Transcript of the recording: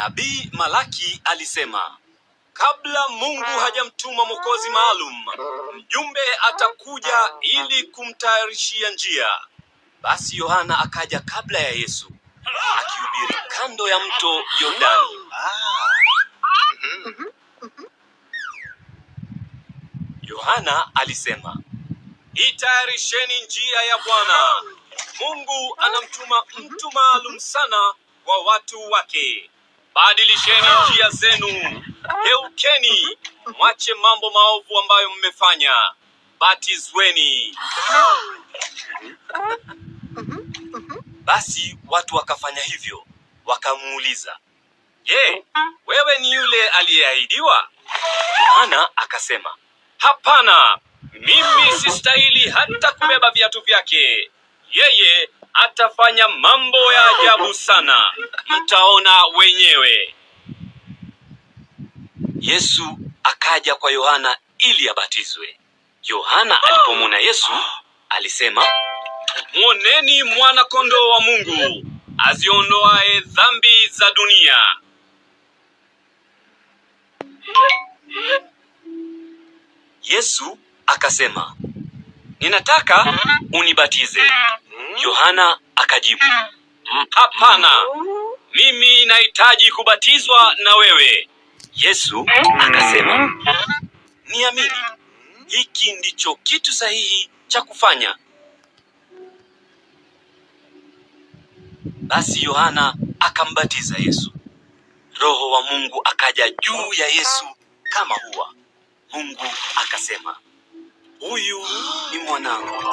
Nabii Malaki alisema kabla Mungu hajamtuma mwokozi maalum, mjumbe atakuja ili kumtayarishia njia. Basi Yohana akaja kabla ya Yesu akihubiri kando ya mto Yordani. Yohana alisema, itayarisheni njia ya Bwana. Mungu anamtuma mtu maalum sana kwa watu wake. Badilisheni ah. njia zenu, geukeni, mwache mambo maovu ambayo mmefanya, batizweni. Basi watu wakafanya hivyo, wakamuuliza, Je, wewe ni yule aliyeahidiwa? Yohana akasema, hapana, mimi sistahili hata kubeba viatu vyake. Yeye atafanya mambo ya ajabu sana mtaona wenyewe. Yesu akaja kwa Yohana ili abatizwe. Yohana alipomwona Yesu alisema, mwoneni mwana kondoo wa Mungu aziondoae dhambi za dunia. Yesu akasema, ninataka unibatize. Yohana akajibu, hapana mimi nahitaji kubatizwa na wewe. Yesu akasema, niamini, hiki ndicho kitu sahihi cha kufanya. Basi Yohana akambatiza Yesu. Roho wa Mungu akaja juu ya Yesu kama hua. Mungu akasema, huyu ni mwanangu